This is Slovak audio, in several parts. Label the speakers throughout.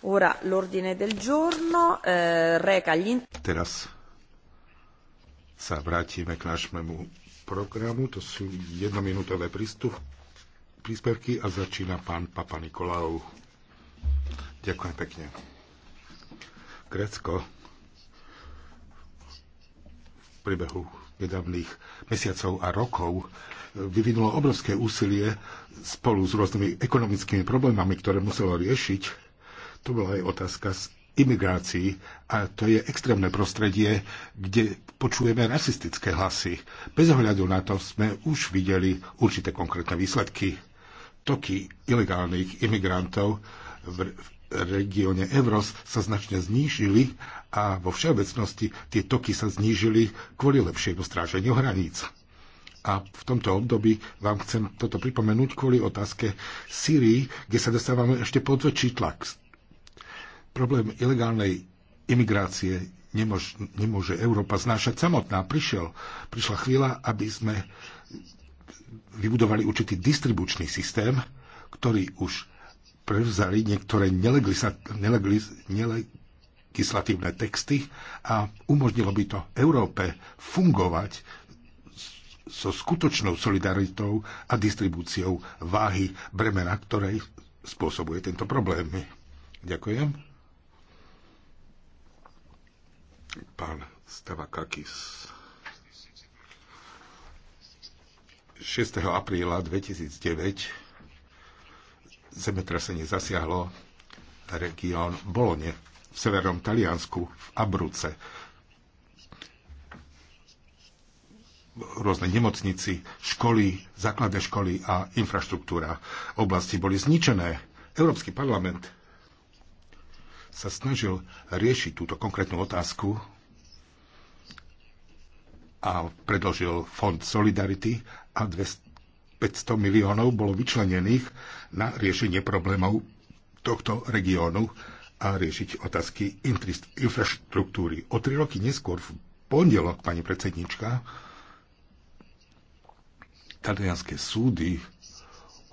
Speaker 1: Ora l'ordine del giorno eh, reca gli...
Speaker 2: Teraz sa vrátime k našemu programu. To sú jednominútové prístup, príspevky a začína pán Papa Nikolau. Ďakujem pekne. Grécko v priebehu nedávnych mesiacov a rokov e, vyvinulo obrovské úsilie spolu s rôznymi ekonomickými problémami, ktoré muselo riešiť. To bola aj otázka z imigrácií a to je extrémne prostredie, kde počujeme rasistické hlasy. Bez ohľadu na to sme už videli určité konkrétne výsledky. Toky ilegálnych imigrantov v regióne Evros sa značne znížili a vo všeobecnosti tie toky sa znížili kvôli lepšiemu stráženiu hraníc. A v tomto období vám chcem toto pripomenúť kvôli otázke Syrii, kde sa dostávame ešte pod väčší tlak. Problém ilegálnej imigrácie nemôž, nemôže Európa znášať samotná. Prišiel, prišla chvíľa, aby sme vybudovali určitý distribučný systém, ktorý už prevzali niektoré nelegaliz- nelegaliz- legislatívne texty a umožnilo by to Európe fungovať so skutočnou solidaritou a distribúciou váhy bremena, ktorej spôsobuje tento problém. Ďakujem. Pán Stavakakis. 6. apríla 2009 zemetrasenie zasiahlo región Bolone v severnom Taliansku, v Abruce. Rôzne nemocnici, školy, základné školy a infraštruktúra oblasti boli zničené. Európsky parlament sa snažil riešiť túto konkrétnu otázku a predložil Fond Solidarity a 500 miliónov bolo vyčlenených na riešenie problémov tohto regiónu a riešiť otázky infraštruktúry. O tri roky neskôr, v pondelok, pani predsednička, talianské súdy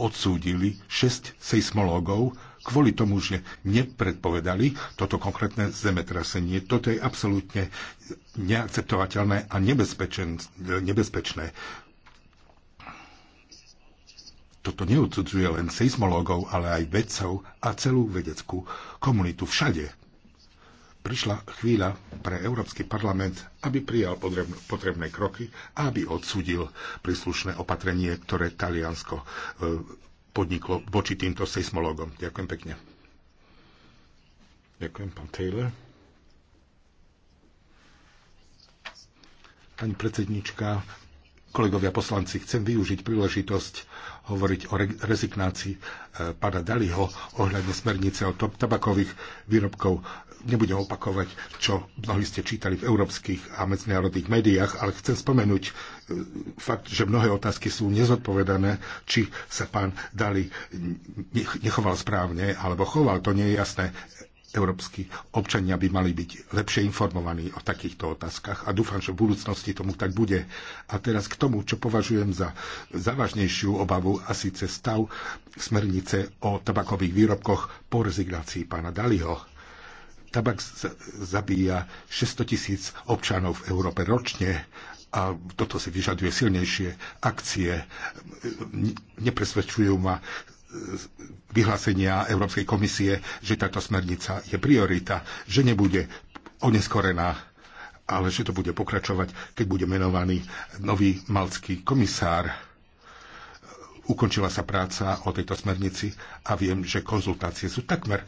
Speaker 2: odsúdili 6 seismológov kvôli tomu, že nepredpovedali toto konkrétne zemetrasenie. Toto je absolútne neakceptovateľné a nebezpečné toto neodsudzuje len seismológov, ale aj vedcov a celú vedeckú komunitu všade. Prišla chvíľa pre Európsky parlament, aby prijal potrebné kroky a aby odsudil príslušné opatrenie, ktoré Taliansko e, podniklo voči týmto seismologom. Ďakujem pekne. Ďakujem, pán Taylor. Pani predsednička, Kolegovia poslanci, chcem využiť príležitosť hovoriť o rezignácii e, pána Daliho ohľadne smernice o tabakových výrobkov. Nebudem opakovať, čo mnohí ste čítali v európskych a medzinárodných médiách, ale chcem spomenúť e, fakt, že mnohé otázky sú nezodpovedané, či sa pán Dali nechoval správne alebo choval. To nie je jasné európsky občania by mali byť lepšie informovaní o takýchto otázkach a dúfam, že v budúcnosti tomu tak bude. A teraz k tomu, čo považujem za závažnejšiu obavu a síce stav smernice o tabakových výrobkoch po rezignácii pána Daliho tabak zabíja 600 tisíc občanov v Európe ročne a toto si vyžaduje silnejšie akcie. Nepresvedčujú ma vyhlásenia Európskej komisie, že táto smernica je priorita, že nebude oneskorená, ale že to bude pokračovať, keď bude menovaný nový malcký komisár. Ukončila sa práca o tejto smernici a viem, že konzultácie sú takmer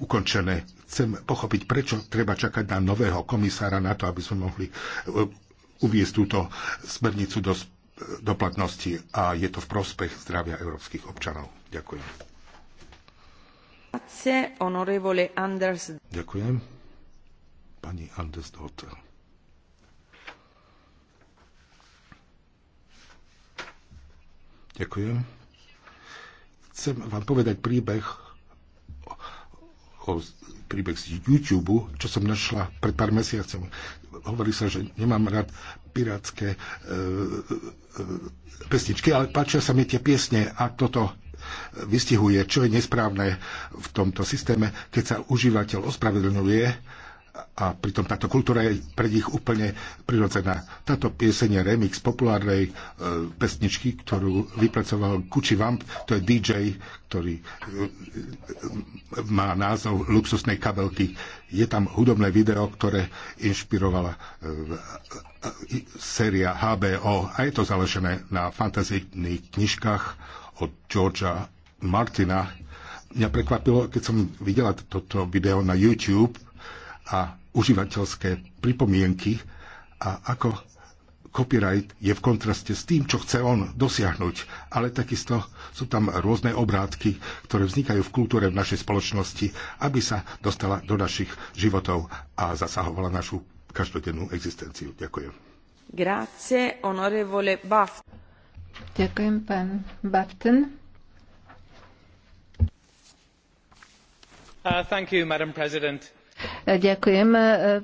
Speaker 2: ukončené. Chcem pochopiť, prečo treba čakať na nového komisára na to, aby sme mohli eh, uviezť túto smernicu do do platnosti a je to v prospech zdravia európskych občanov. Ďakujem. Ďakujem. Pani Anders Dotter. Ďakujem. Chcem vám povedať príbeh o príbeh z YouTube, čo som našla pred pár mesiacom hovorí sa, že nemám rád pirátske e, e, e, pesničky, ale páčia sa mi tie piesne a toto vystihuje, čo je nesprávne v tomto systéme, keď sa užívateľ ospravedlňuje a pritom táto kultúra je pre nich úplne prirodzená. Táto pieseň je remix populárnej e, pesničky, ktorú vypracoval Kuči Vamp, to je DJ, ktorý e, e, má názov Luxusnej kabelky. Je tam hudobné video, ktoré inšpirovala e, e, e, séria HBO a je to založené na fantazijných knižkách od Georgia Martina. Mňa prekvapilo, keď som videla toto video na YouTube, a užívateľské pripomienky a ako copyright je v kontraste s tým, čo chce on dosiahnuť. Ale takisto sú tam rôzne obrátky, ktoré vznikajú v kultúre v našej spoločnosti, aby sa dostala do našich životov a zasahovala našu každodennú existenciu. Ďakujem.
Speaker 1: Grazie, onorevole Baft. Ďakujem, pán Bafton.
Speaker 3: Uh, thank you, Madam President
Speaker 1: Ďakujem, e,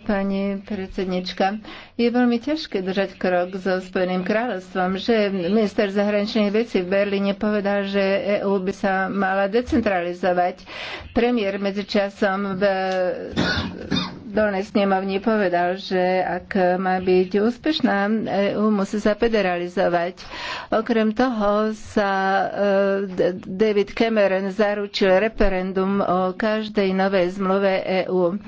Speaker 1: pani predsednička. Je veľmi ťažké držať krok so Spojeným kráľovstvom, že minister zahraničných vecí v Berlíne povedal, že EÚ by sa mala decentralizovať. Premiér medzičasom v dolnej snemovni povedal, že ak má byť úspešná, EU musí sa federalizovať. Okrem toho sa e, David Cameron zaručil referendum o každej novej zmluve EU.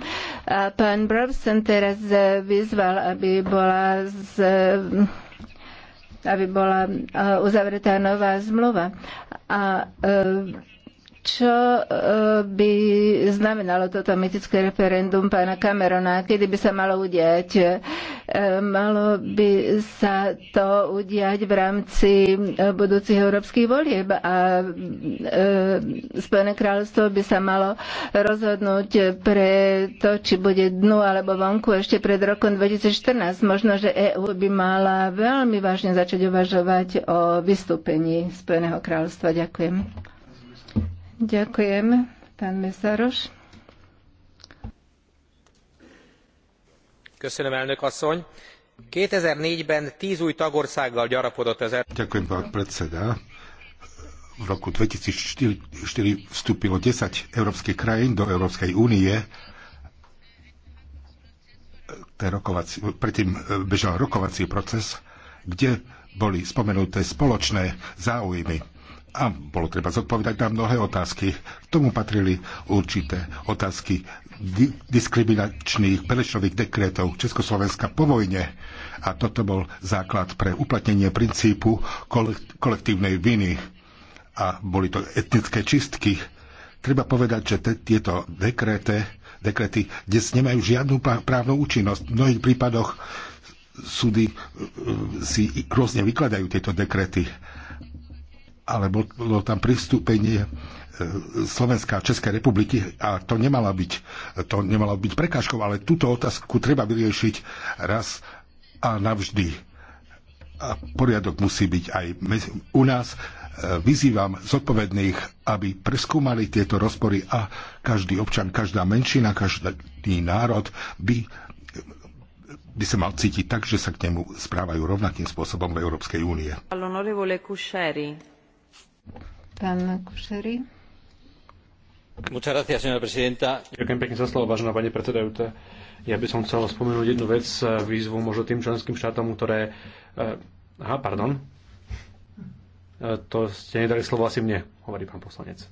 Speaker 1: A pán Brobson teraz vyzval, aby bola z aby bola e, uzavretá nová zmluva. A e, čo eh, by znamenalo toto mytické referendum pána Camerona, kedy by sa malo udiať. Eh, malo by sa to udiať v rámci eh, budúcich európskych volieb a Spojené kráľovstvo by sa malo rozhodnúť pre to, či bude dnu alebo vonku ešte pred rokom 2014. Možno, že EÚ by mala veľmi vážne začať uvažovať o vystúpení Spojeného kráľovstva. Ďakujem. Ďakujem, pán Mesaroš.
Speaker 3: Köszönöm, elnök asszony. 2004-ben 10 új tagországgal gyarapodott az EU. Ďakujem,
Speaker 2: pán predseda. V roku 2004 vstúpilo 10 európskych krajín do Európskej únie. Rokovací, predtým e, bežal rokovací proces, kde boli spomenuté spoločné záujmy a bolo treba zodpovedať na mnohé otázky. K tomu patrili určité otázky di- diskriminačných Benešových dekrétov Československa po vojne. A toto bol základ pre uplatnenie princípu kolekt- kolektívnej viny. A boli to etnické čistky. Treba povedať, že te- tieto dekréte, dekrety dnes nemajú žiadnu právnu účinnosť. V mnohých prípadoch súdy e, e, si rôzne vykladajú tieto dekrety ale bolo tam pristúpenie e, Slovenska a Českej republiky a to nemala byť, to nemala byť prekážkou, ale túto otázku treba vyriešiť raz a navždy. A poriadok musí byť aj u nás. E, vyzývam zodpovedných, aby preskúmali tieto rozpory a každý občan, každá menšina, každý národ by by sa mal cítiť tak, že sa k nemu správajú rovnakým spôsobom v Európskej únie.
Speaker 3: Ďakujem pekne za slovo, vážená pani predsedajúca. Ja by som chcel spomenúť jednu vec, eh, výzvu možno tým členským štátom, ktoré... Eh, aha, pardon. Eh, to ste nedali slovo asi mne, hovorí pán poslanec.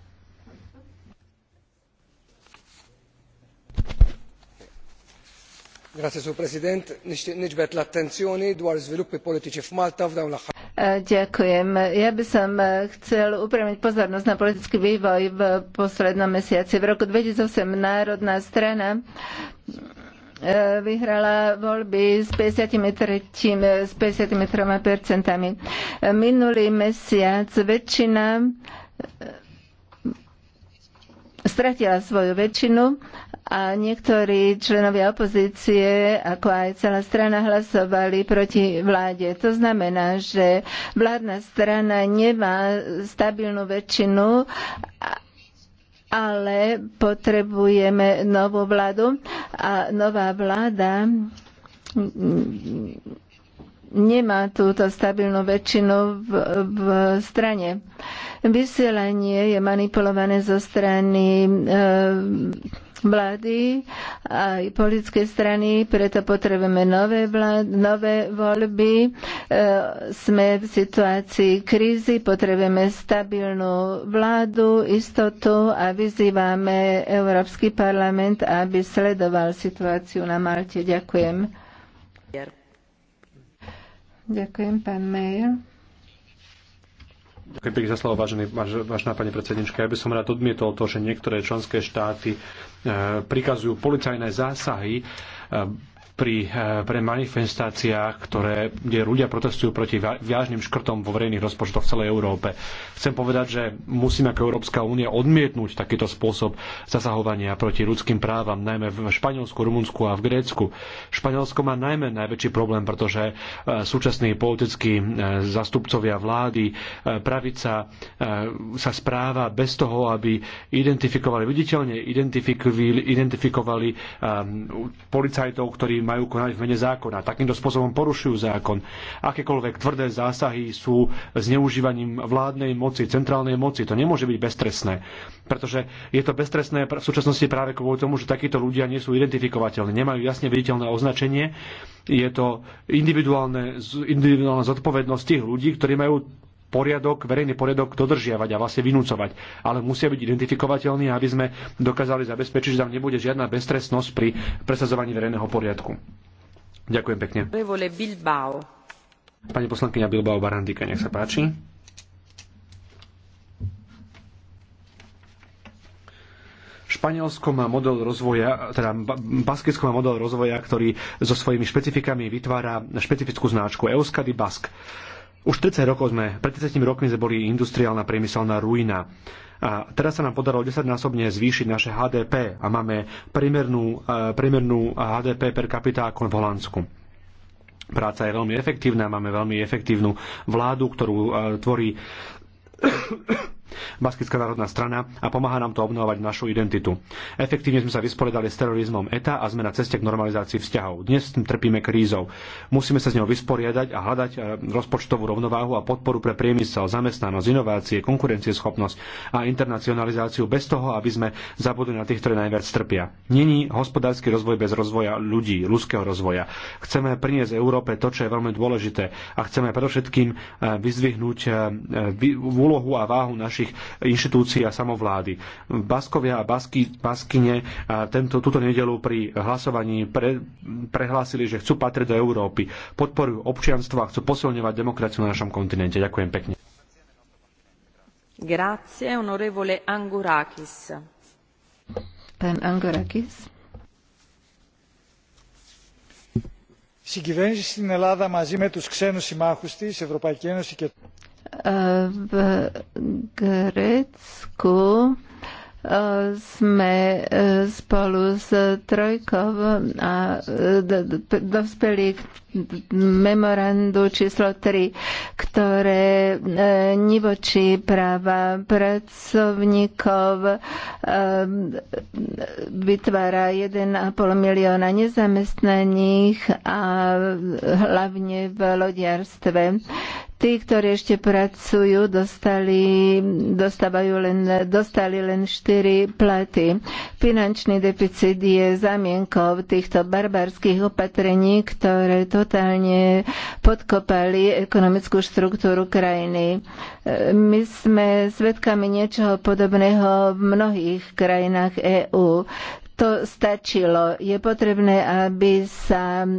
Speaker 3: Grazie, Presidente. Niġbet l-attenzjoni dwar żviluppi politiċi f'Malta f'dawn l-aħħar.
Speaker 1: Ďakujem. Ja by som chcel upriamiť pozornosť na politický vývoj v poslednom mesiaci. V roku 2008 Národná strana e, vyhrala voľby s 53, s 53 percentami. Minulý mesiac väčšina stratila svoju väčšinu a niektorí členovia opozície, ako aj celá strana, hlasovali proti vláde. To znamená, že vládna strana nemá stabilnú väčšinu ale potrebujeme novú vládu a nová vláda nemá túto stabilnú väčšinu v, v strane. Vysielanie je manipulované zo strany e, vlády a aj politické strany, preto potrebujeme nové, vlád, nové voľby. E, sme v situácii krízy, potrebujeme stabilnú vládu, istotu a vyzývame Európsky parlament, aby sledoval situáciu na Malte. Ďakujem. Ďakujem, pán Mayer.
Speaker 3: Ďakujem pekne za slovo, vážený, váž, vážená pani predsednička. Ja by som rád odmietol to, že niektoré členské štáty e, prikazujú policajné zásahy e, pri, eh, pre manifestáciách, ktoré, kde ľudia protestujú proti vážnym škrtom vo verejných rozpočtoch v celej Európe. Chcem povedať, že musíme ako Európska únia odmietnúť takýto spôsob zasahovania proti ľudským právam, najmä v Španielsku, Rumunsku a v Grécku. Španielsko má najmä najväčší problém, pretože eh, súčasní politickí eh, zastupcovia vlády, pravica sa správa bez toho, aby identifikovali, viditeľne identifikovali, identifikovali policajtov, ktorí majú konať v mene zákona. Takýmto spôsobom porušujú zákon. Akékoľvek tvrdé zásahy sú zneužívaním vládnej moci, centrálnej moci. To nemôže byť beztresné, pretože je to beztresné v súčasnosti práve kvôli tomu, že takíto ľudia nie sú identifikovateľní, nemajú jasne viditeľné označenie. Je to individuálne, individuálna zodpovednosť tých ľudí, ktorí majú poriadok, verejný poriadok dodržiavať a vlastne vynúcovať. Ale musia byť identifikovateľní, aby sme dokázali zabezpečiť, že tam nebude žiadna beztrestnosť pri presadzovaní verejného poriadku. Ďakujem pekne. Pani poslankyňa Bilbao Barandika, nech sa páči. Španielsko má model rozvoja, teda Baskicko má model rozvoja, ktorý so svojimi špecifikami vytvára špecifickú značku Euskadi Bask už 30 rokov sme, pred 30 rokmi sme boli industriálna priemyselná ruina. A teraz sa nám podarilo 10-násobne zvýšiť naše HDP a máme priemernú, e, priemernú HDP per capita ako v Holandsku. Práca je veľmi efektívna, máme veľmi efektívnu vládu, ktorú e, tvorí Baskická národná strana a pomáha nám to obnovovať našu identitu. Efektívne sme sa vysporiadali s terorizmom ETA a sme na ceste k normalizácii vzťahov. Dnes trpíme krízou. Musíme sa s ňou vysporiadať a hľadať eh, rozpočtovú rovnováhu a podporu pre priemysel, zamestnanosť, inovácie, konkurencieschopnosť a internacionalizáciu bez toho, aby sme zabudli na tých, ktorí najviac trpia. Není hospodársky rozvoj bez rozvoja ľudí, ľudského rozvoja. Chceme priniesť Európe to, čo je veľmi dôležité a chceme predovšetkým eh, vyzvihnúť eh, úlohu a váhu našich ďalších inštitúcií a samovlády. Baskovia a Basky, Baskine tento, túto nedelu pri hlasovaní pre, prehlásili, že chcú patriť do Európy, podporujú občianstvo a chcú posilňovať demokraciu na našom kontinente. Ďakujem pekne.
Speaker 1: Grazie, onorevole Angurakis. Pán Angurakis.
Speaker 2: συγκυβέρνηση στην Ελλάδα μαζί με τους ξένους συμμάχους της, Ευρωπαϊκή Ένωση και
Speaker 1: v Grécku e, sme e, spolu s Trojkou a dospeli k memorandu číslo 3, ktoré e, nivočí práva pracovníkov, vytvára 1,5 milióna nezamestnaných a hlavne v lodiarstve. Tí, ktorí ešte pracujú, dostali, dostávajú len, dostali len 4 platy. Finančný deficit je zamienkou týchto barbarských opatrení, ktoré totálne podkopali ekonomickú štruktúru krajiny. My sme svedkami niečoho podobného v mnohých krajinách EÚ to stačilo. Je potrebné, aby sa e,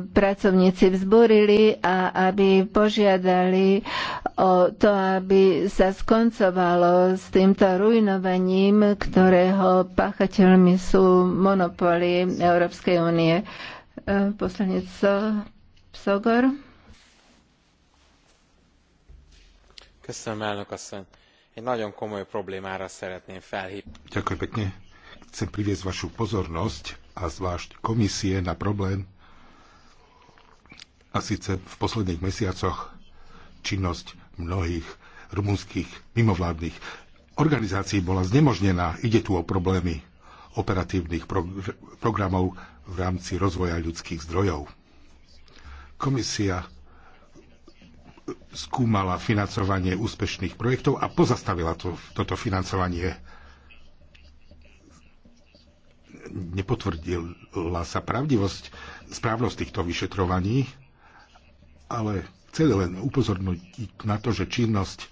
Speaker 1: pracovníci vzburili a aby požiadali o to, aby sa skoncovalo s týmto ruinovaním, ktorého páchateľmi sú monopoly Európskej únie. E, Poslanec Sogor. Köszönöm, elnök asszony. Egy nagyon komoly problémára szeretném felhívni.
Speaker 2: Ďakujem pekne chcem priviesť vašu pozornosť a zvlášť komisie na problém, a síce v posledných mesiacoch činnosť mnohých rumunských mimovládnych organizácií bola znemožnená. Ide tu o problémy operatívnych progr- programov v rámci rozvoja ľudských zdrojov. Komisia skúmala financovanie úspešných projektov a pozastavila to, toto financovanie nepotvrdila sa pravdivosť, správnosť týchto vyšetrovaní, ale chceli len upozorniť na to, že činnosť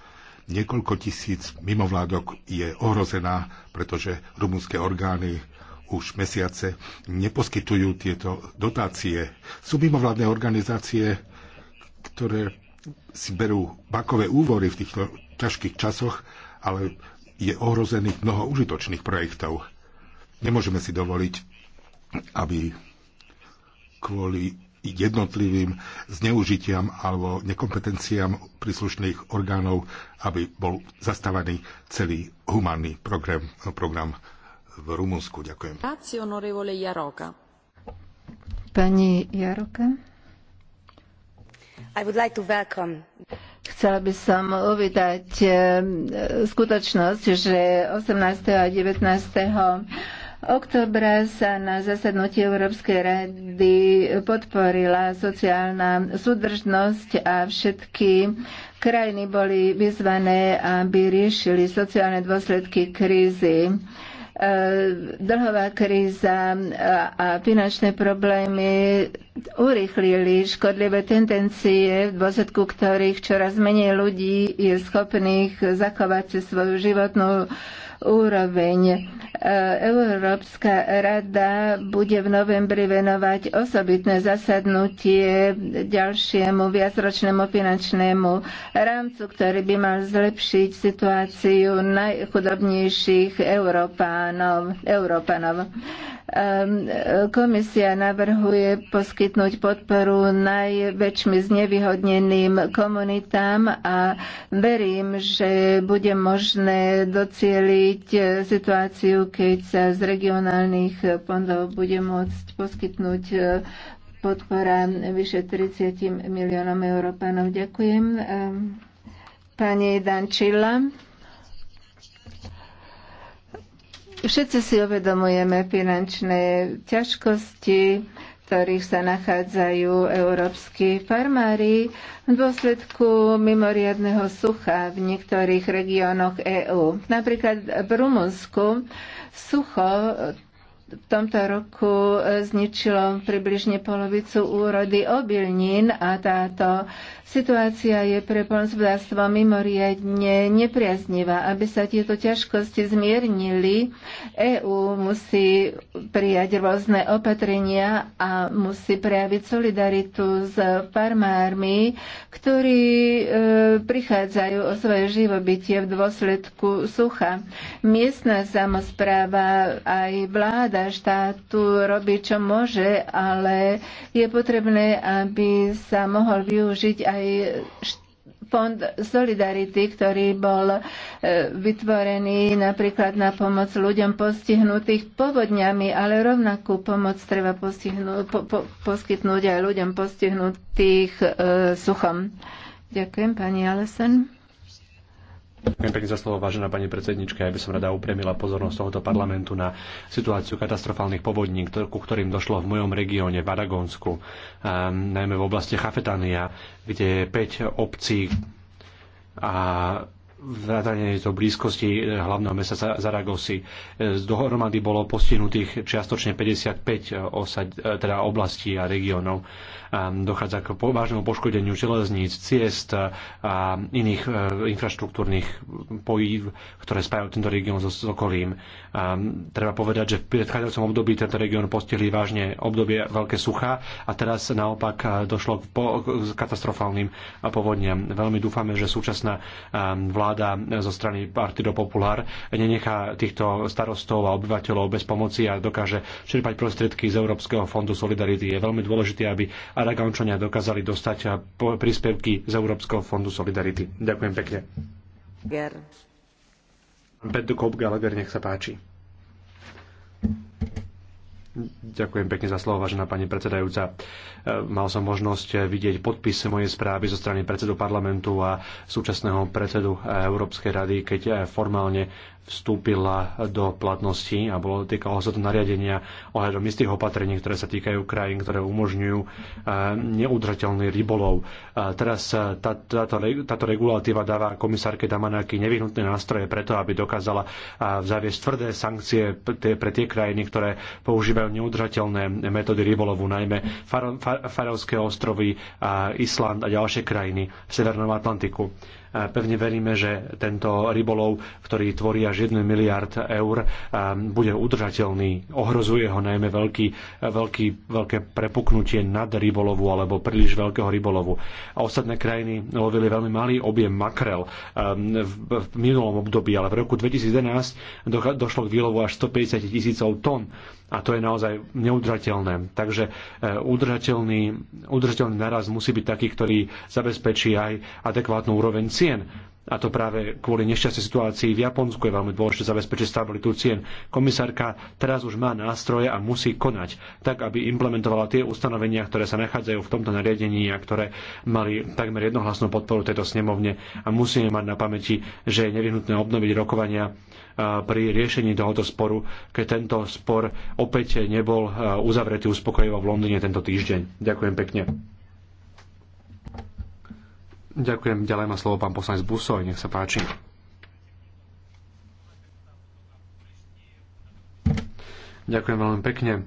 Speaker 2: niekoľko tisíc mimovládok je ohrozená, pretože rumúnske orgány už mesiace neposkytujú tieto dotácie. Sú mimovládne organizácie, ktoré si berú bakové úvory v týchto ťažkých časoch, ale je ohrozených mnoho užitočných projektov. Nemôžeme si dovoliť, aby kvôli jednotlivým zneužitiam alebo nekompetenciám príslušných orgánov, aby bol zastávaný celý humánny program, program v Rumunsku. Ďakujem.
Speaker 1: Pani Jaroka. I would like to welcome Chcela by som uvítať eh, skutočnosť, že 18. a 19. Oktobra sa na zasadnutí Európskej rady podporila sociálna súdržnosť a všetky krajiny boli vyzvané, aby riešili sociálne dôsledky krízy e, dlhová kríza e, a finančné problémy urýchlili škodlivé tendencie, v dôsledku ktorých čoraz menej ľudí je schopných zachovať si svoju životnú úroveň. E, Európska rada bude v novembri venovať osobitné zasadnutie ďalšiemu viacročnému finančnému rámcu, ktorý by mal zlepšiť situáciu najchudobnejších Európanov. Európanov. Komisia navrhuje poskytnúť podporu najväčšmi znevýhodneným komunitám a verím, že bude možné docieliť vytvoriť e, situáciu, keď sa z regionálnych e, fondov bude môcť poskytnúť e, podpora vyše 30 miliónom Európanov. Ďakujem. Pani Dančila. Všetci si uvedomujeme finančné ťažkosti, ktorých sa nachádzajú európsky farmári v dôsledku mimoriadného sucha v niektorých regiónoch EÚ. Napríklad v Rumunsku sucho v tomto roku zničilo približne polovicu úrody obilnín a táto Situácia je pre polnospodárstvo mimoriadne nepriaznivá. Aby sa tieto ťažkosti zmiernili, EÚ musí prijať rôzne opatrenia a musí prejaviť solidaritu s farmármi, ktorí e, prichádzajú o svoje živobytie v dôsledku sucha. Miestna samozpráva aj vláda štátu robí, čo môže, ale je potrebné, aby sa mohol využiť aj aj fond Solidarity, ktorý bol e, vytvorený napríklad na pomoc ľuďom postihnutých povodňami, ale rovnakú pomoc treba postihnú, po, po, poskytnúť aj ľuďom postihnutých e, suchom. Ďakujem, pani Alesen.
Speaker 3: Ďakujem pekne za slovo, vážená pani predsednička. Ja by som rada upremila pozornosť tohoto parlamentu na situáciu katastrofálnych povodní, ku ktorým došlo v mojom regióne, v Aragonsku, najmä v oblasti Chafetania, kde 5 obcí a vrátane do blízkosti e, hlavného mesta Zaragosy. E, z dohromady bolo postihnutých čiastočne 55 e, osad, teda oblastí a regiónov. Dochádza k vážnemu poškodeniu železníc, ciest a iných infraštruktúrnych pojív, ktoré spájajú tento región so okolím. Treba povedať, že v predchádzajúcom období tento región postihli vážne obdobie veľké sucha a teraz naopak došlo k katastrofálnym povodniam. Veľmi dúfame, že súčasná vláda vláda zo strany Partido Popular nenechá týchto starostov a obyvateľov bez pomoci a dokáže čerpať prostriedky z Európskeho fondu Solidarity. Je veľmi dôležité, aby Aragončania dokázali dostať príspevky z Európskeho fondu Solidarity. Ďakujem pekne. Ger. Pet Gallagher, nech sa páči. Ďakujem pekne za slovo, vážená pani predsedajúca. E, mal som možnosť vidieť podpis mojej správy zo strany predsedu parlamentu a súčasného predsedu Európskej rady, keď e, formálne vstúpila do platnosti a bolo, týkalo sa to nariadenia ohľadom istých opatrení, ktoré sa týkajú krajín, ktoré umožňujú e, neudržateľný rybolov. E, teraz e, tá, táto, táto regulatíva dáva komisárke Damanáky nevyhnutné nástroje preto, aby dokázala zaviesť tvrdé sankcie pre tie krajiny, ktoré používajú neudržateľné metódy rybolovu, najmä Farovské ostrovy, Island a ďalšie krajiny v Severnom Atlantiku. Pevne veríme, že tento rybolov, ktorý tvorí až 1 miliard eur, bude udržateľný. Ohrozuje ho najmä veľký, veľký, veľké prepuknutie nad rybolovu alebo príliš veľkého rybolovu. A ostatné krajiny lovili veľmi malý objem makrel v minulom období, ale v roku 2011 došlo k výlovu až 150 tisícov tón a to je naozaj neudržateľné. Takže e, udržateľný, udržateľný naraz musí byť taký, ktorý zabezpečí aj adekvátnu úroveň cien. A to práve kvôli nešťastnej situácii v Japonsku je veľmi dôležité zabezpečiť stabilitu cien. Komisárka teraz už má nástroje a musí konať, tak aby implementovala tie ustanovenia, ktoré sa nachádzajú v tomto nariadení a ktoré mali takmer jednohlasnú podporu tejto snemovne. A musíme mať na pamäti, že je nevyhnutné obnoviť rokovania pri riešení tohoto sporu, keď tento spor opäť nebol uzavretý uspokojivo v Londýne tento týždeň. Ďakujem pekne. Ďakujem. Ďalej má slovo pán poslanec Busoj. Nech sa páči. Ďakujem veľmi pekne.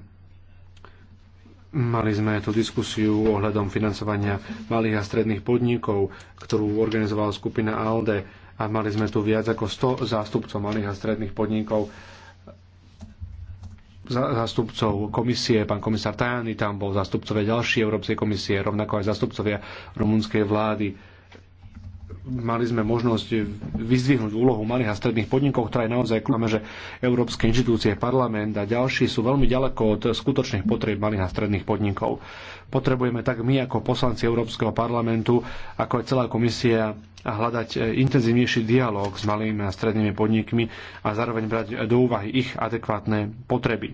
Speaker 3: Mali sme tú diskusiu ohľadom financovania malých a stredných podnikov, ktorú organizovala skupina ALDE a mali sme tu viac ako 100 zástupcov malých a stredných podnikov zástupcov komisie, pán komisár Tajani tam bol, zástupcovia ďalšie Európskej komisie, rovnako aj zástupcovia rumunskej vlády mali sme možnosť vyzdvihnúť úlohu malých a stredných podnikov, ktorá je naozaj kľúčová, že európske inštitúcie, parlament a ďalší sú veľmi ďaleko od skutočných potrieb malých a stredných podnikov. Potrebujeme tak my ako poslanci Európskeho parlamentu, ako aj celá komisia a hľadať e, intenzívnejší dialog s malými a strednými podnikmi a zároveň brať do úvahy ich adekvátne potreby.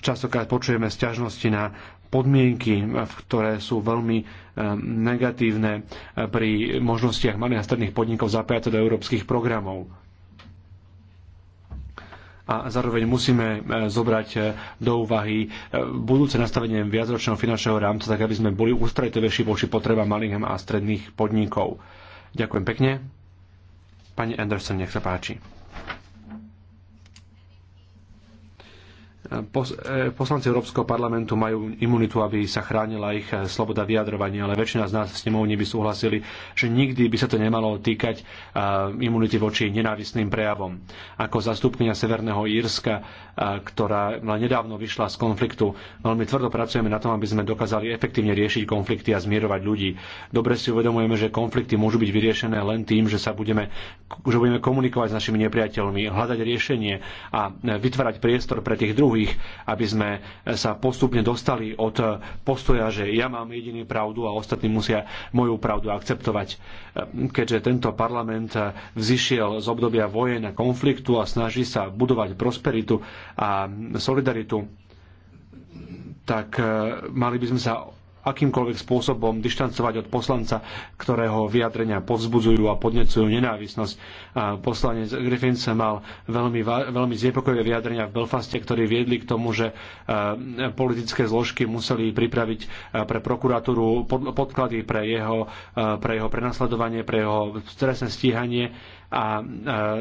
Speaker 3: Častokrát počujeme sťažnosti na podmienky, ktoré sú veľmi e, negatívne e, pri možnostiach malých a stredných podnikov zapájať do európskych programov a zároveň musíme e, zobrať do úvahy budúce nastavenie viacročného finančného rámca, tak aby sme boli ústretovejší voči potreba malých a stredných podnikov. Ďakujem pekne. Pani Anderson, nech sa páči. E, poslanci Európskeho parlamentu majú imunitu, aby sa chránila ich e, sloboda vyjadrovania, ale väčšina z nás s nemovní by súhlasili, že nikdy by sa to nemalo týkať e, imunity voči nenávisným prejavom. Ako zastupkynia Severného Írska, ktorá nedávno vyšla z konfliktu, veľmi tvrdo pracujeme na tom, aby sme dokázali efektívne riešiť konflikty a zmierovať ľudí. Dobre si uvedomujeme, že konflikty môžu byť vyriešené len tým, že sa budeme, že budeme komunikovať s našimi nepriateľmi, hľadať riešenie a vytvárať priestor pre tých druhých druhých, aby sme sa postupne dostali od postoja, že ja mám jediný pravdu a ostatní musia moju pravdu akceptovať. Keďže tento parlament vzýšiel z obdobia vojen a konfliktu a snaží sa budovať prosperitu a solidaritu, tak mali by sme sa akýmkoľvek spôsobom dištancovať od poslanca, ktorého vyjadrenia povzbudzujú a podnecujú nenávisnosť. Poslanec Griffin sa mal veľmi, veľmi znepokojivé vyjadrenia v Belfaste, ktorí viedli k tomu, že e, politické zložky museli pripraviť e, pre prokuratúru podklady pre jeho, e, pre jeho prenasledovanie, pre jeho stresné stíhanie a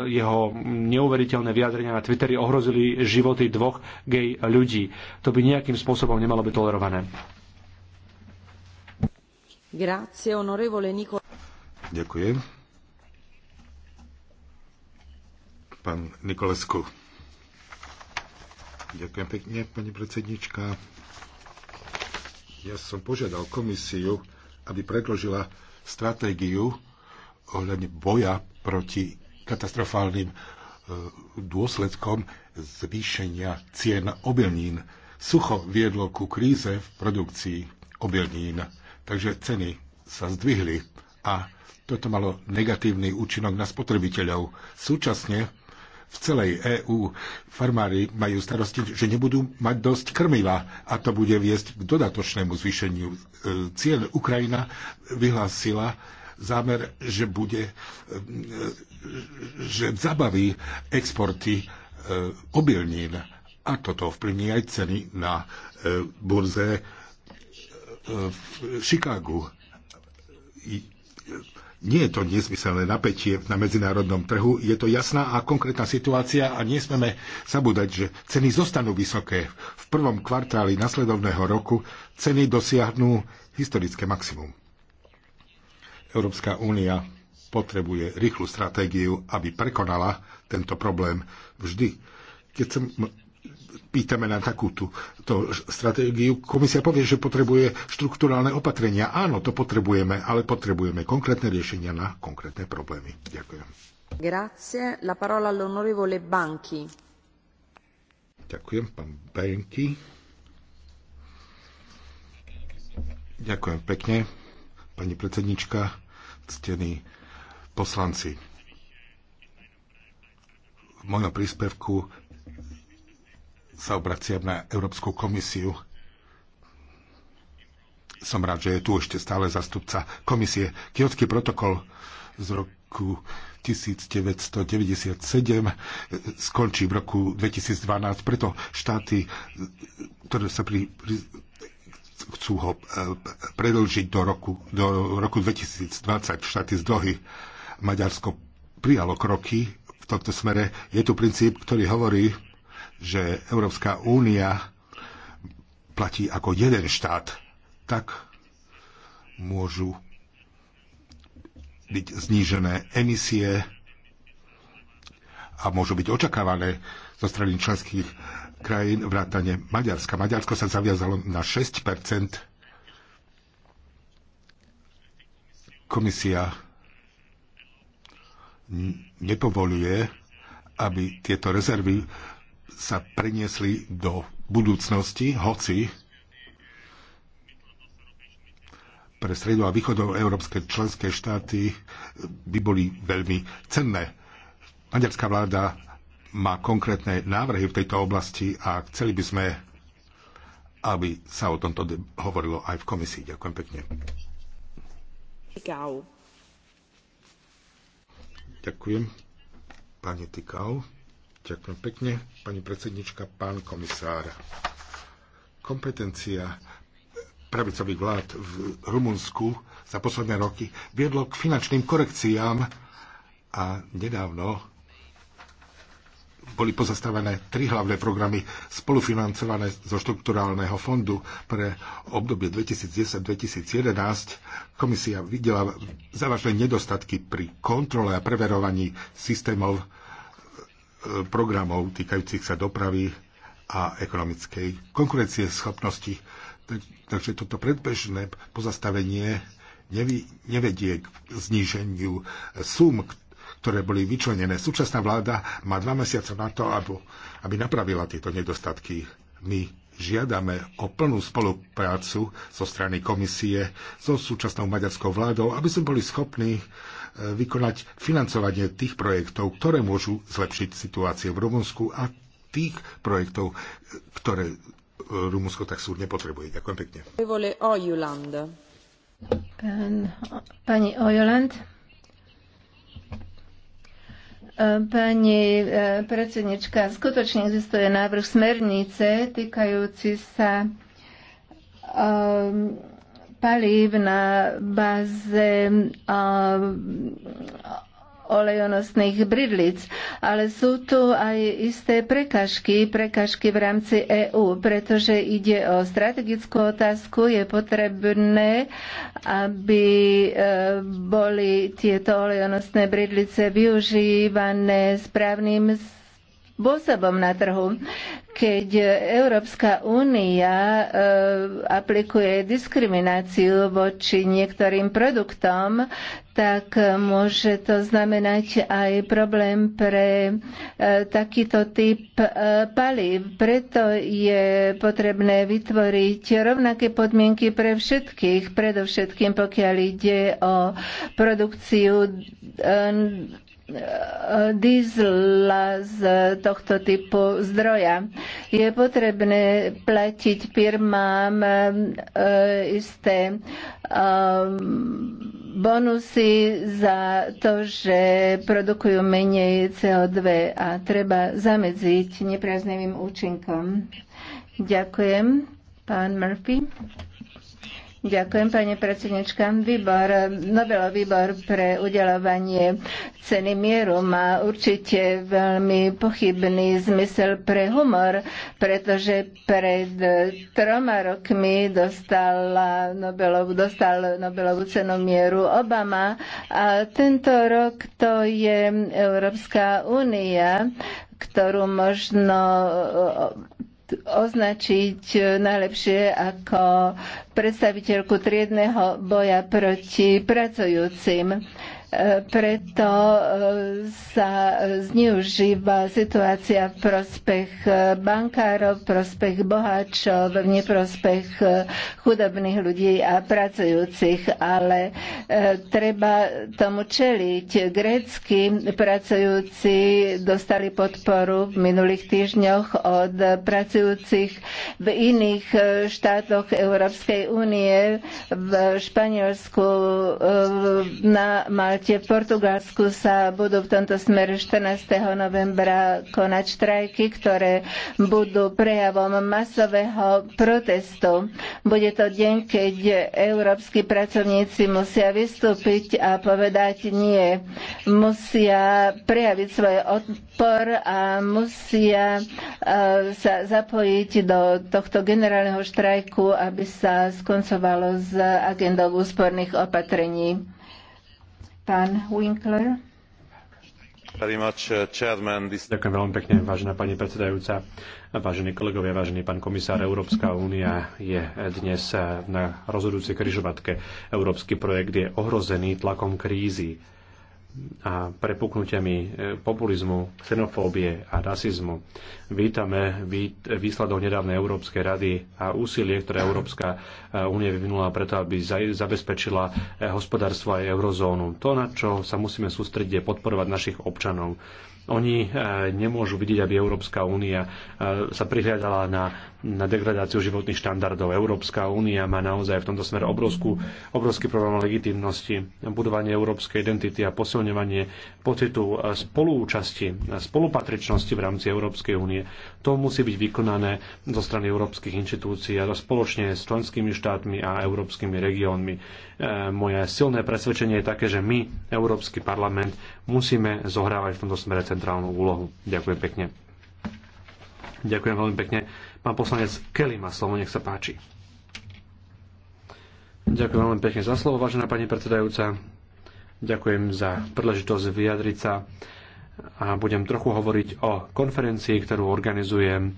Speaker 3: jeho neuveriteľné vyjadrenia na Twitteri ohrozili životy dvoch gej ľudí. To by nejakým spôsobom nemalo byť tolerované.
Speaker 1: Ďakujem.
Speaker 2: Pán Nikolesku. Ďakujem pekne, pani predsednička. Ja som požiadal komisiu, aby predložila stratégiu ohľadne boja proti katastrofálnym e, dôsledkom zvýšenia cien obilnín. Sucho viedlo ku kríze v produkcii obilnín Takže ceny sa zdvihli a toto malo negatívny účinok na spotrebiteľov. Súčasne v celej EÚ farmári majú starosti, že nebudú mať dosť krmiva a to bude viesť k dodatočnému zvýšeniu e, cien. Ukrajina vyhlásila zámer, že bude, e, že zabaví exporty e, obilnín a toto vplyvní aj ceny na burze v Chicagu. Nie je to nezmyselné napätie na medzinárodnom trhu, je to jasná a konkrétna situácia a nesmeme zabúdať, že ceny zostanú vysoké. V prvom kvartáli nasledovného roku ceny dosiahnu historické maximum. Európska únia potrebuje rýchlu stratégiu, aby prekonala tento problém vždy. Keď som pýtame na takúto stratégiu. Komisia povie, že potrebuje štruktúrálne opatrenia. Áno, to potrebujeme, ale potrebujeme konkrétne riešenia na konkrétne problémy. Ďakujem.
Speaker 1: Grazie. La parola all'onorevole Banchi.
Speaker 2: Ďakujem, pán Banchi. Ďakujem pekne, pani predsednička, ctení poslanci. V mojom príspevku sa obraciam na Európsku komisiu. Som rád, že je tu ešte stále zastupca komisie. Kiotský protokol z roku 1997 skončí v roku 2012, preto štáty, ktoré sa pri, pri chcú ho e, predlžiť do roku, do roku 2020, štáty z Dohy. Maďarsko prijalo kroky v tomto smere. Je tu princíp, ktorý hovorí, že Európska únia platí ako jeden štát, tak môžu byť znížené emisie a môžu byť očakávané zo strany členských krajín vrátane Maďarska. Maďarsko sa zaviazalo na 6 Komisia nepovoluje, aby tieto rezervy sa preniesli do budúcnosti, hoci pre stredo a východov európske členské štáty by boli veľmi cenné. Maďarská vláda má konkrétne návrhy v tejto oblasti a chceli by sme, aby sa o tomto hovorilo aj v komisii. Ďakujem pekne. Ďakujem. Pani Tikau. Ďakujem pekne, pani predsednička, pán komisár. Kompetencia pravicových vlád v Rumunsku za posledné roky viedlo k finančným korekciám a nedávno boli pozastavené tri hlavné programy spolufinancované zo štrukturálneho fondu pre obdobie 2010-2011. Komisia videla závažné nedostatky pri kontrole a preverovaní systémov programov týkajúcich sa dopravy a ekonomickej konkurencie schopnosti. Takže toto predbežné pozastavenie nevedie k zníženiu sum, ktoré boli vyčlenené. Súčasná vláda má dva mesiace na to, aby napravila tieto nedostatky. My žiadame o plnú spoluprácu zo strany komisie so súčasnou maďarskou vládou, aby sme boli schopní e, vykonať financovanie tých projektov, ktoré môžu zlepšiť situáciu v Rumunsku a tých projektov, ktoré e, Rumunsko tak súdne potrebuje. Ďakujem pekne.
Speaker 1: Pani Ojoland. Pani e, predsednička, skutočne existuje návrh smernice týkajúci sa um, palív na báze um, olejonosných bridlic. Ale sú tu aj isté prekažky, prekažky v rámci EÚ, pretože ide o strategickú otázku. Je potrebné, aby e, boli tieto olejonosné bridlice využívané správnym spôsobom na trhu. Keď Európska únia eh, aplikuje diskrimináciu voči niektorým produktom, tak môže to znamenať aj problém pre eh, takýto typ eh, palív. Preto je potrebné vytvoriť rovnaké podmienky pre všetkých, predovšetkým pokiaľ ide o produkciu diesla z tohto typu zdroja. Je potrebné platiť firmám e, isté e, bonusy za to, že produkujú menej CO2 a treba zamedziť nepriaznevým účinkom. Ďakujem, pán Murphy. Ďakujem, pani predsednička. Výbor, Nobelový výbor pre udelovanie ceny mieru má určite veľmi pochybný zmysel pre humor, pretože pred troma rokmi dostala Nobelov, dostal Nobelovú cenu mieru Obama a tento rok to je Európska únia, ktorú možno označiť e, najlepšie ako predstaviteľku triedného boja proti pracujúcim preto e, sa zneužíva situácia v prospech e, bankárov, v prospech boháčov, v neprospech e, chudobných ľudí a pracujúcich, ale treba tomu čeliť. Grécky pracujúci dostali podporu v minulých týždňoch od pracujúcich v iných štátoch Európskej únie, v Španielsku, na Malte, podstate v Portugalsku sa budú v tomto smere 14. novembra konať štrajky, ktoré budú prejavom masového protestu. Bude to deň, keď európsky pracovníci musia vystúpiť a povedať nie. Musia prejaviť svoj odpor a musia eh, sa zapojiť do tohto generálneho štrajku, aby sa skoncovalo s agendou úsporných opatrení. Uh,
Speaker 3: Ďakujem veľmi pekne, vážená pani predsedajúca. Vážení kolegovia, vážený pán komisár, Európska únia je dnes uh, na rozhodujúcej križovatke. Európsky projekt je ohrozený tlakom krízy a prepuknutiami e, populizmu, xenofóbie a rasizmu. Vítame výsledok nedávnej Európskej rady a úsilie, ktoré Európska e, únie vyvinula preto, aby zabezpečila e, hospodárstvo aj eurozónu. To, na čo sa musíme sústrediť, je podporovať našich občanov. Oni nemôžu vidieť, aby Európska únia sa prihľadala na na degradáciu životných štandardov. Európska únia má naozaj v tomto smere obrovskú, obrovský problém legitimnosti, budovanie európskej identity a posilňovanie pocitu spolúčasti, spolupatričnosti v rámci Európskej únie. To musí byť vykonané zo strany európskych inštitúcií a spoločne s členskými štátmi a európskymi regiónmi. E, moje silné presvedčenie je také, že my, Európsky parlament, musíme zohrávať v tomto smere centrálnu úlohu. Ďakujem pekne. Ďakujem veľmi pekne Pán poslanec Kelly má slovo, nech sa páči. Ďakujem veľmi pekne za slovo, vážená pani predsedajúca. Ďakujem za príležitosť vyjadriť sa a budem trochu hovoriť o konferencii, ktorú organizujem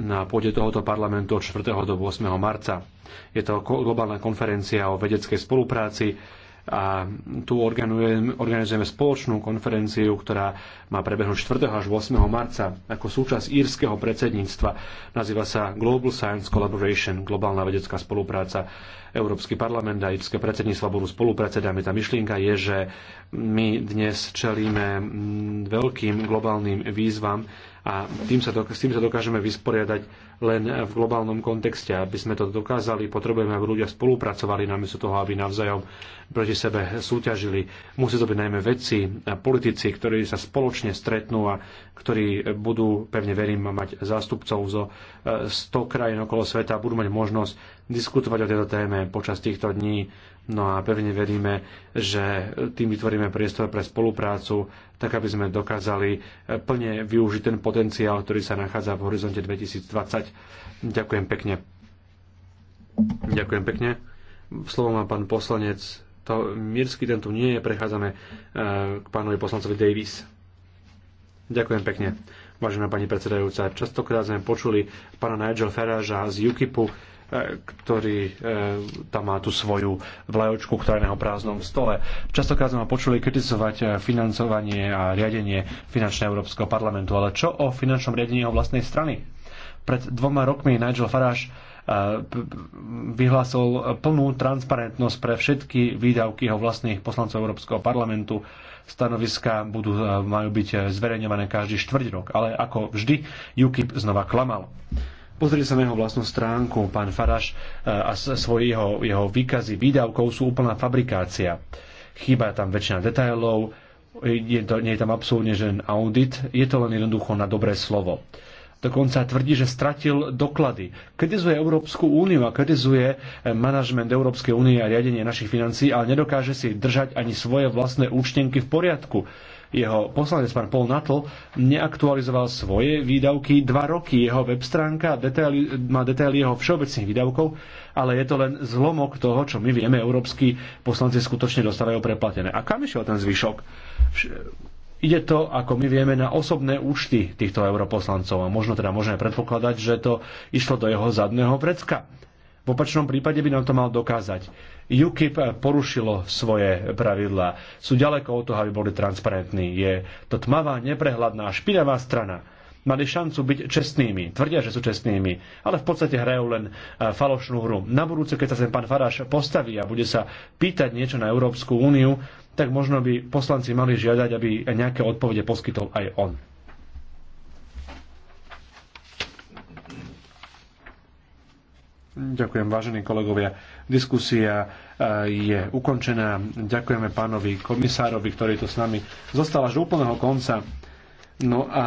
Speaker 3: na pôde tohoto parlamentu od 4. do 8. marca. Je to globálna konferencia o vedeckej spolupráci, a tu organizujeme, organizujeme spoločnú konferenciu, ktorá má prebehnúť 4. až 8. marca ako súčasť írskeho predsedníctva. Nazýva sa Global Science Collaboration, globálna vedecká spolupráca. Európsky parlament a írske predsedníctva budú spolupredsedami. Tá myšlienka je, že my dnes čelíme mm, veľkým globálnym výzvam, a tým sa, s tým sa dokážeme vysporiadať len v globálnom kontexte. Aby sme to dokázali, potrebujeme, aby ľudia spolupracovali namiesto toho, aby navzájom proti sebe súťažili. Musí to byť najmä vedci, politici, ktorí sa spoločne stretnú a ktorí budú, pevne verím, mať zástupcov zo 100 e, krajín okolo sveta a budú mať možnosť diskutovať o tejto téme počas týchto dní No a pevne veríme, že tým vytvoríme priestor pre spoluprácu, tak aby sme dokázali eh, plne využiť ten potenciál, ktorý sa nachádza v horizonte 2020. Ďakujem pekne. Ďakujem pekne. Slovo má pán poslanec to, Mírsky, ten tu nie je, prechádzame eh, k pánovi poslancovi Davis. Ďakujem pekne. Vážená pani predsedajúca, častokrát sme počuli pána Nigel Farage'a z UKIPu, E, ktorý e, tam má tú svoju vlajočku, ktorá je na prázdnom stole. Častokrát sme ho počuli kritizovať e, financovanie a riadenie finančného Európskeho parlamentu, ale čo o finančnom riadení jeho vlastnej strany? Pred dvoma rokmi Nigel Farage vyhlásil plnú transparentnosť pre všetky výdavky jeho vlastných poslancov Európskeho parlamentu. Stanoviska budú, majú byť zverejňované každý štvrť rok, ale ako vždy UKIP znova klamal. Pozrite sa na jeho vlastnú stránku. Pán Faraš e, a svoj jeho, jeho výkazy výdavkov sú úplná fabrikácia. Chýba tam väčšina detajlov, je to, nie je tam absolútne žen audit, je to len jednoducho na dobré slovo. Dokonca tvrdí, že stratil doklady. Kritizuje Európsku úniu a kritizuje e, manažment Európskej únie a riadenie našich financií, ale nedokáže si držať ani svoje vlastné účtenky v poriadku. Jeho poslanec pán Paul Natl neaktualizoval svoje výdavky dva roky. Jeho web stránka detaily, má detaily jeho všeobecných výdavkov, ale je to len zlomok toho, čo my vieme, európsky poslanci skutočne dostávajú preplatené. A kam išiel ten zvyšok? Ide to, ako my vieme, na osobné účty týchto europoslancov a možno teda môžeme predpokladať, že to išlo do jeho zadného vrecka. V opačnom prípade by nám to mal dokázať. UKIP eh, porušilo svoje pravidlá. Sú ďaleko od toho, aby boli transparentní. Je to tmavá, neprehľadná, špinavá strana mali šancu byť čestnými. Tvrdia, že sú čestnými, ale v podstate hrajú len eh, falošnú hru. Na budúce, keď sa sem pán Faráš postaví a bude sa pýtať niečo na Európsku úniu, tak možno by poslanci mali žiadať, aby nejaké odpovede poskytol aj on. Ďakujem, vážení kolegovia. Diskusia e, je ukončená. Ďakujeme pánovi komisárovi, ktorý to s nami zostal až do úplného konca. No a